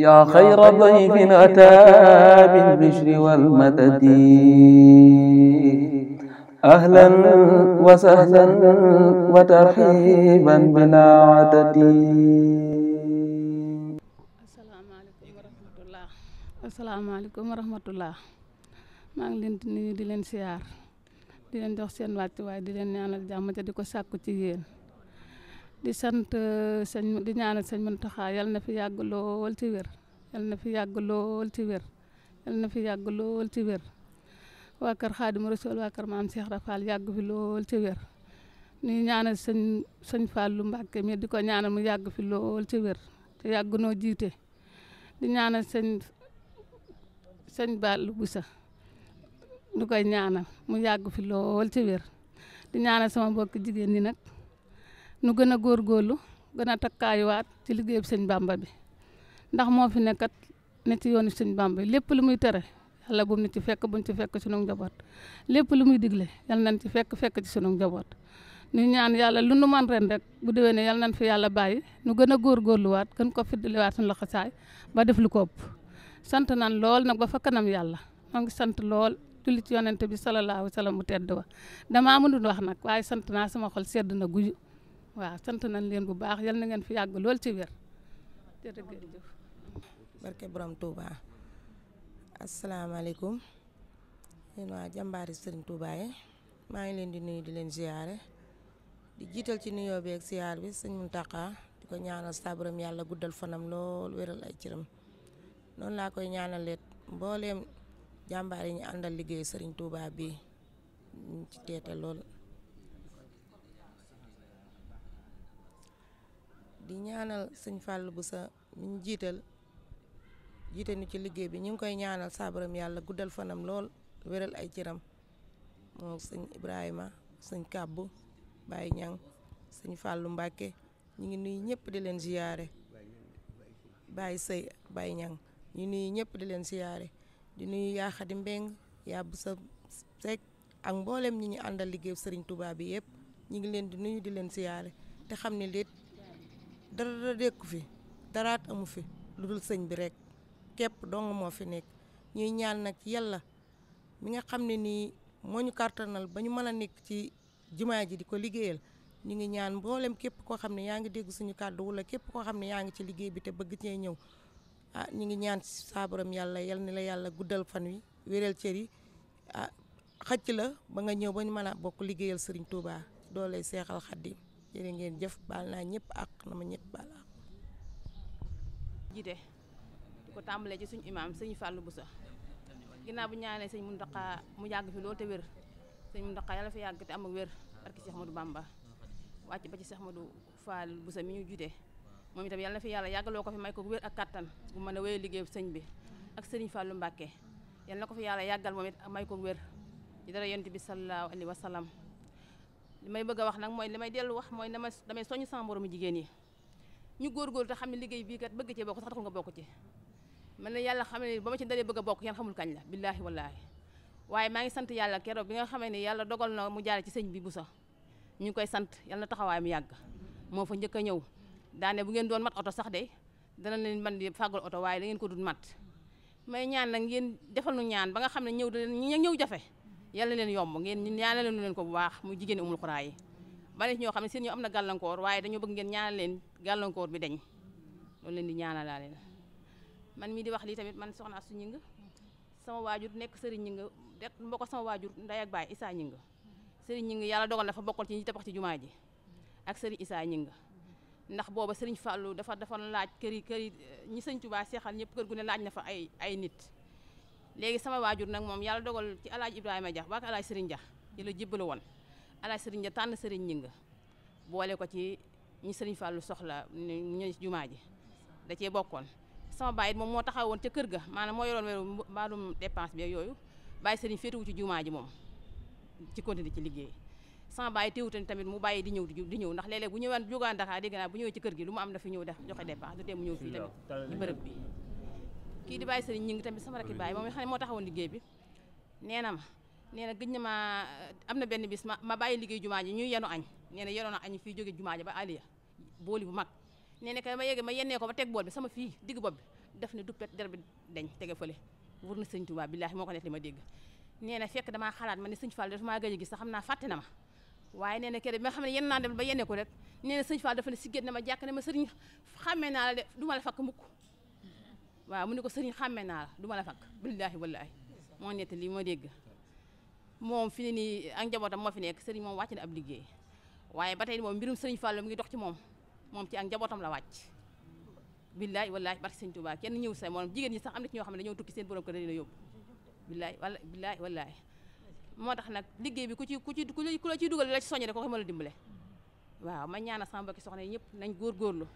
yaa xayra dayfin ataa bil bishri wal madadi ahlan wa sahlan wa tarxiiban bilaa adadi. asalaamaaleykum wa rahmatulah maa ngi leen di di leen siyaar di leen jox seen wàccuwaay di leen ñaanal jàmm di ko sàkku ci yéen. di sant eh, sëñ di ñaanal sëñ Muntaxa yal na fi yàgg na fi yàgg lool ci wér yal na fi yàgg lool ci wér waa kër Xaadimu Rasuul waa kër maam Cheikh Rafal yàgg fi lool ci wér ñu ñaanal sëñ sëñ Fallou Mbàkke mi di ko ñaanal mu yàgg fi lool ci wér te yàgg noo jiite di ñaanal sëñ sëñ Ballou Boussa du koy ñaanal mu yàgg fi lool ci wér di ñaanal sama mbokk jigéen ñi nag nu gën a góorgóorlu gën a takkaayuwaat ci liggéeyub sëñ bàmba bi ndax moo fi nekkat ne ci yoonu sëñ bàmba lépp lu muy tere yàlla bu mu ci fekk bu mu ci fekk sunu njaboot lépp lu muy digle yàlla nañ ci fekk fekk ci sunu njaboot ñu ñaan yàlla lu nu man ren rek bu déwénee yàlla nañ fi yàlla bàyyi nu gën a góorgóorluwaat gën ko fiddaliwaat sunu loxo saay ba def lu ko ëpp sant naan nag ba fa kanam yàlla maa ngi lool julli ci yonente bi salallaahu salaam mu tedd wa damaa mënul wax nag waaye na guyu waaw sant nañ leen bu baax yal na ngeen fi yàgg lool ci wér jërëjëf barke borom Touba asalaamaaleykum yéen waa jàmbaari Serigne Touba yi maa ngi leen di nuyu di leen ziare di jiital ci nuyoo bi ak ziar bi sëñ Mountakha di ko ñaanal sabaram yàlla guddal fanam lool wéral ay cëram noonu laa koy ñaanaleet mbooleem jàmbaar yi ñu àndal liggéey sëriñ Touba bi ñu ci teete lool. di ñaanal sëñ fàll bu sa ñu jiital jiite ñu ci liggéey bi ñu ngi koy ñaanal saabaram yàlla guddal fanam lool wéral ay ciram moom sëñ Ibrahima sëñ Kàbbu Baye Ñang sëñ Fallou Mbàkke ñu ngi nuyu ñëpp di leen ziyaare Baye Sëy Baye Ñang ñu nuyu ñëpp di leen ziyaare di nuyu yaa Xadi Mbeng yàbb Boussa Seck ak mboolem ñi ñu àndal liggéey Sëriñ tubaab bi yëpp ñu ngi leen di nuyu di leen ziyaare te xam ne léegi dara dékku fi daraat amu fi lu dul sëñ bi rek képp dong moo fi nekk ñuy ñaan nag yàlla mi nga xam ne nii moo ñu kartanal ba ñu mën a nekk ci jumaa ji di ko liggéeyal ñu ngi ñaan mboolem képp koo xam ne yaa ngi dégg suñu kàddu wala képp koo xam ne yaa ngi ci liggéey bi te bëgg cee ñëw ah ñu ngi ñaan saabaram yàlla yal ni la yàlla guddal fan wi wéral cër yi ah, xëcc la ba nga ñëw ba ñu mën a bokk liggéeyal sëriñ Touba doo lay seexal xaddim jërë ngeen jëf baal naa ñëpp ak na ma ñëpp baal àq. jiite di ko tàmbalee ci suñ imaam sëñ Fallou busa ginnaaw bu ñaanee sëñ mu Mountakha mu yàgg fi loolu te wér sëñ Mountakha yàlla fi yàgg te am ak wér barki Cheikh Ahmadou Bamba wàcc ba ci Cheikh Ahmadou Fall Boussa mi ñu jiite moom itam yàlla fi yàlla yàggaloo ko fi may ak kàttan bu mën a wéy liggéey sëñ bi ak sëriñ Fallou Mbacke yàlla na ko fi yàlla yàggal moom it may ko wér ci dara yonent bi sallallahu alayhi wa sallam li may bëgg a wax nag mooy li may dellu wax mooy damay damay soññ sama moromu jigéen yi ñu góorgóorlu te xam ne liggéey bii kat bëgg cee bokk sax taxul nga bokk ci mën na yàlla xam ne ba ma ci dalee bëgg a bokk yan xamul kañ la billaahi wallaahi waaye maa ngi sant yàlla keroog bi nga xamee ne yàlla dogal na mu jaare ci sëñ bi bu sax ñu ngi koy sant yàlla na taxawaay mu yàgg moo fa njëkk a ñëw daane bu ngeen doon mat oto sax de dana leen man di fàggul oto waaye da ngeen ko dul mat may ñaan nag ngeen defal nu ñaan ba nga xam ne ñëw da ñëw jafe yàlla leen yomb ngeen ñaanal leen ko bu baax muy jigéen umul xuraa yi bari ñoo xam ne seen ñoo am na gàllankoor waaye dañoo bëgg ngeen ñaanal leen gàllankoor bi dañ loolu leen di ñaanalaa leen man mii di wax lii tamit man soxna Astu Ñing sama waajur nekk sëriñ Ñing rek mbokk sama waajur nday ak baay Isaa Ñing sëriñ Ñing yàlla dogal dafa bokkoon ci ñi tabax ci jumaa ji ak sëriñ Isaa Ñing ndax booba sëriñ Fàllu dafa dafa laaj këri këri ñi sëñ Tuubaa seexal ñëpp kër gu ne laaj na fa ay ay nit léegi sama waajur nag moom yàlla dogal ci alaaj Ibrahima Dia baak alaaj Serigne jax di la jébbalu woon alaaj Serigne Dia tànn Serigne ñi nga boole ko ci ñi Serigne Fallou soxla ñu jumaa ji da cee bokkoon sama baay it moom moo taxawoon ca kër ga maanaam moo yoroon weeru maalum dépense bi yooyu bàyyi Serigne féetewu ci jumaa ji moom ci continué ci liggéey sama baay teewutoon tamit mu bàyyi di ñëw di ñëw ndax léeg-léeg bu ñëwaan jógaan Dakar dégg naa bu ñëwee ci kër gi lu mu am dafa ñëw def joxe dépense du tee mu ñëw fii tamit ci bërëb bi kii di bàyyi sëriñ ñi ngi tamit sama rakki bàyyi moom xam ne moo liggéey bi nee na ma nee na gëj na ma am na benn bis ma ma bàyyi liggéey jumaa ji ñuy yenu añ nee na a añ fii jóge jumaa ji ba aliya booli bu mag nee na kay ma yéege ma yennee ko ba teg bool bi sama fii digg bopp bi def ne duppet der bi dañ tege fële wur na sëñ Tuubaa billaahi moo ko nekk li ma dégg nee na fekk damaa xalaat ma ne sëñ Fall dafa maa gëj a xam naa fàtte na ma waaye nee na kere bi nga xam ne naa ba yennee ko rek nee na na ma jàkk ne ma sëriñ xàmmee naa la de du ma la fakk mukk waaw mu ne ko sëriñ xàmme naa la du ma la fakk billaahi wallaahi moo nett li moo dégg moom fi ne nii ak njabootam moo fi nekk sëriñ moom wàcc na ab liggéey waaye ba tey moom mbirum sëriñ Fallou mu ngi dox ci moom moom ci njabootam la wàcc billaahi wallaahi barke sëriñ Tuubaa kenn ñëw sa moom jigéen ñi sax am na ci ñoo xam ne dañoo tukki seen borom kër dañu la yóbbu billaahi wallaahi moo tax nag liggéey bi ku ci ku ci ku la ciy dugal la ci soñé rek ko mën a dimbale waaw ma ñaana sama mbokki soxna yi ñëpp nañ góorgóorlu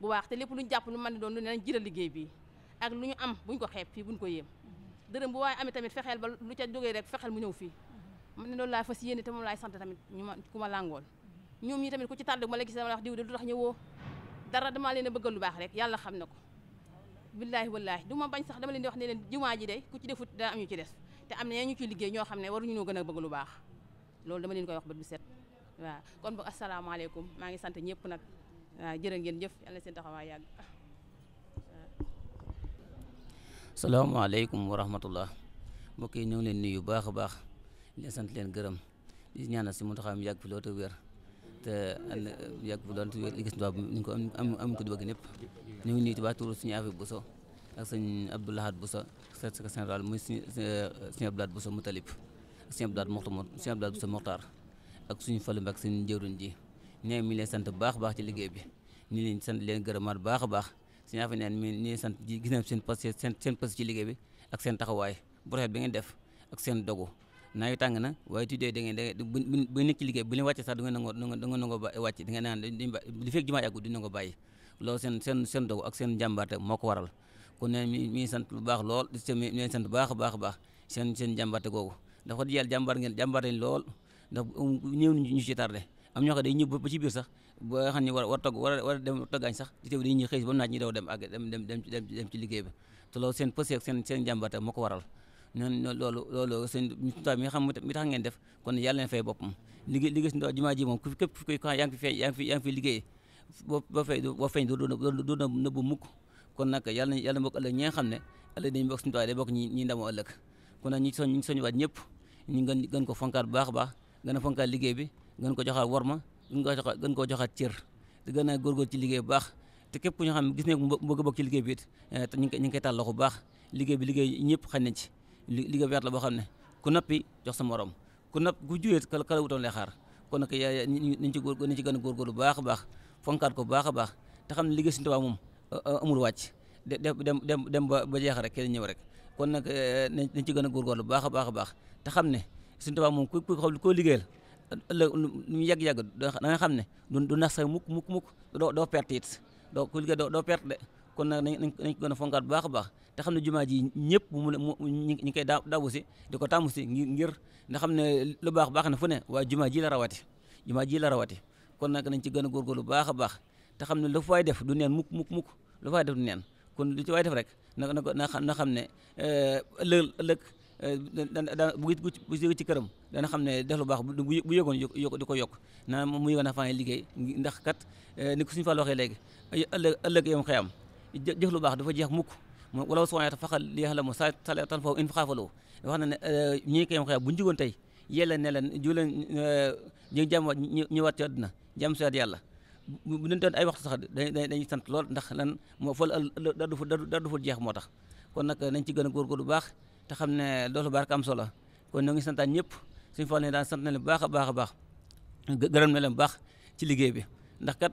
bu baax te lépp luñ jàpp lu mën di doon lu ne nañ jiital liggéey ak lu ñu am bu ñu ko xeep fii buñ ko yéem dërëm bu waaye amee tamit fexeel ba lu ca dogee rek fexeel mu ñëw fii man ne loolu laa fas yéene te moom laay sant tamit ñu ma ku ma làngool ñoom ñi tamit ku ci tardé ma la gis dama la wax diw de lu tax ñëwoo dara leen a bëggal baax rek yàlla xam na ko billaahi wallaahi du ma bañ sax dama leen di wax ne leen jumaa ji de ku ci defut daa am ñu ci des te am na ñu ciy liggéey ñoo xam ne waruñu noo gën a bëgg lu baax loolu dama leen koy wax ba du set waaw kon boog asalaamaaleykum maa ngi sant ñëpp nag waaw ngeen jëf yàlla seen taxawaay yàgg salaamaaleykum wa rahmatullah mbokk yi ñoo leen nuyu bu baax a baax leen sant leen gërëm di ñaanal si Muntaxa mu yàgg fi lool te wér te ànd yàgg fi lool te wér li gis ndox ñu ko am am ko di bëgg ñëpp ñu ngi nuyu ci baax tur suñu affaire Bousso ak sëñ Abdoulahad Bousso secrétaire général muy sëñ Abdoulahad Bousso Moutalib ak sëñ Abdoulahad Mokhtar sëñ Abdoulahad Bousso ak suñu Fallu ak suñu jëwriñ ji nee mi leen sant bu baax a baax ci liggéey bi ñu leen sant leen gërëm bu baax a baax suñu afa neen mi ñuy sant ji gis nañ seen passé seen ak seen taxawaay bu rafet bi ngeen def ak seen dogu naa yu tàng waaye tuddee da ngeen da bu nekk ci liggéey bu leen wàcce sax du ngeen nangoo da dogu ak seen jàmbaarte moo ko waral kon neen mi sant baax lool di leen sant baax baax baax seen seen jàmbaarte googu dafa di yàlla jàmbaar ngeen jàmbaar lool ndax ñëw ñu ci am ñoo xam day ñëw xëy si ba mu naaj ñu daw dem ak dem ko waral noonu xam mi tax ngeen def kon yàlla leen fay boppam liggéey liggéey suñu jumaa ji moom ku képp ku ko yaa ngi fi yaa ngi fi na yàlla mbokk ëllëg ne ëllëg dañu bokk suñu tubaab day bokk ñi ñi ndamoo ëllëg kon nag ñi waat ñëpp gën ko fonkaat bu baax a baax gën a fonkaat liggéey bi gën ko joxaat worma gën ko joxaat gën koo joxaat cër te gën a liggéey bu baax te képp ñoo xam ne gis ne bëgg bokk ci liggéey bi eh, te ñu ngi koy tàll loxo bu baax bi liggéey ñëpp xañ nañ ci liggéey bu yaatu la boo xam ne ku noppi jox sa morom ku nopp ku juyee kala kala wutoon lay xaar kon nag niñ ci góor niñ ci gën a góorgóorlu bu baax a baax fonkaat ko bu baax a baax te xam ne liggéey Sëriñ Tuubaa moom amul dem dem dem ba jeex rek kenn ñëw rek kon nag eh, nañ ci gën a góorgóorlu bu baax a baax a baax te xam ne Sëriñ Tuubaa moom ku ko liggéeyal ëllëg lu ñu yàgg-yàgg da nga xam ne du nax say muk mukk mukk doo doo perte doo ku liggéey doo perte de kon nag nañ nañ ko gën a fonkaat bu baax a baax te xam ne jumaa ji ñëpp mu ñu ngi koy dabu si di ko tàmmu si ngir nga xam ne lu baax baax na fu ne waaye jumaa ji la rawati jumaa ji la rawati kon nag nañ ci gën a góorgóorlu baax a baax te xam ne lu fay def du neen mukk mukk mukk lu fay def du neen kon lu ci waay def rek na na na xam ne euh, ëllëg ëllëg euh, bu bu ci këram dana xam ne def lu baax bu yëgoon yokk di ko yokk naa mu yëgoon dafa liggéey ndax kat eh, ni ko suñu Fallu waxee léegi ëllëg ëllëg yow xëyam jëf lu baax dafa jeex mukk wala soo yaata faxal li la mu sa tan foofu in faxaafaloo wax na ne ñi ko yow bu ñu jigoon tey yella ne leen ju leen eh, ñu jàmm ñëwaat ci àdduna jàmm si yàlla bu ñu doon ay waxtu sax dañuy sant lool ndax lan moo fol du dara du jeex moo tax kon nag nañ ci gën a góorgóorlu bu baax te xam ne loolu barka am solo kon ñoo ngi santaan ñëpp suñu fàll ne daal na bu baax a baax a baax gërëm na leen bu baax ci liggéey bi ndax kat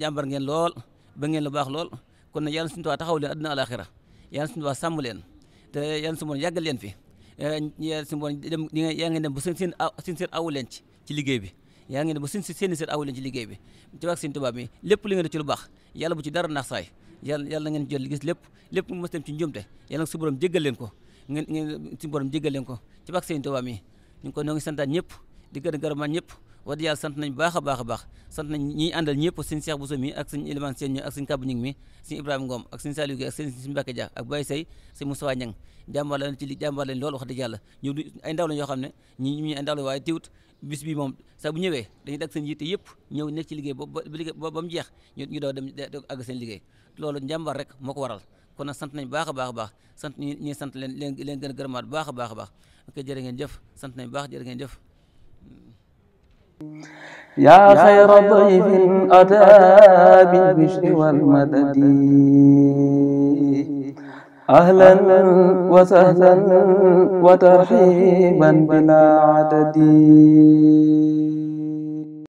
jàmbar ngeen lool ba ngeen lu baax lool kon nag yàlla suñu Tuubaa taxaw leen àdduna alaxira yàlla suñu Tuubaa sàmm leen te yal suñu borom yàggal leen fi eh, yàlla suñu borom dem yaa ngeen dem ba seen seen seen seet awu leen ci ci liggéey bi yaa ngeen dem ba seen seen seet awu ci liggéey bi ci wax suñu Tuubaa bi lépp li ngeen def ci lu baax yàlla bu ci dara naax saay yàlla yàlla ngeen jot li gis lépp lépp mos dem ci njuumte yàlla suñu borom jéggal leen ko ngeen ngeen suñu borom leen ko ci wax suñu Tuubaa mi ñu ngi ko ñoo ngi santaat ñëpp di gërëm gërëmaat ñëpp wax dëgg yàlla sant nañ baax a baax a baax sant nañ ñiy àndal ñëpp suñ Cheikh mi ak suñ Elimane Sène ak suñ Kabou Ñing mi suñ Ibrahima Ngom ak suñ Saliou Guèye ak suñ suñ Mbacke Dia ak Baye Sey suñ ndaw lañ yoo xam ne ñi ñu ay ndaw la waaye tiwut bis moom saa bu ñëwee dañuy dag seen yitte yëpp ñëw nekk ci liggéey ba ba mu jeex ñi doo dem àgg seen liggéey loolu njàmbaar rek moo ko waral kon nag sant nañ baax a baax baax sant ñi sant leen leen leen gën a baax baax a baax ok jërë ngeen jëf sant nañ baax jërë ngeen jëf yaa xayra dayfin ataa bil bishri wal madadi ahlan wa sahlan wa tarhiban bilaa adadi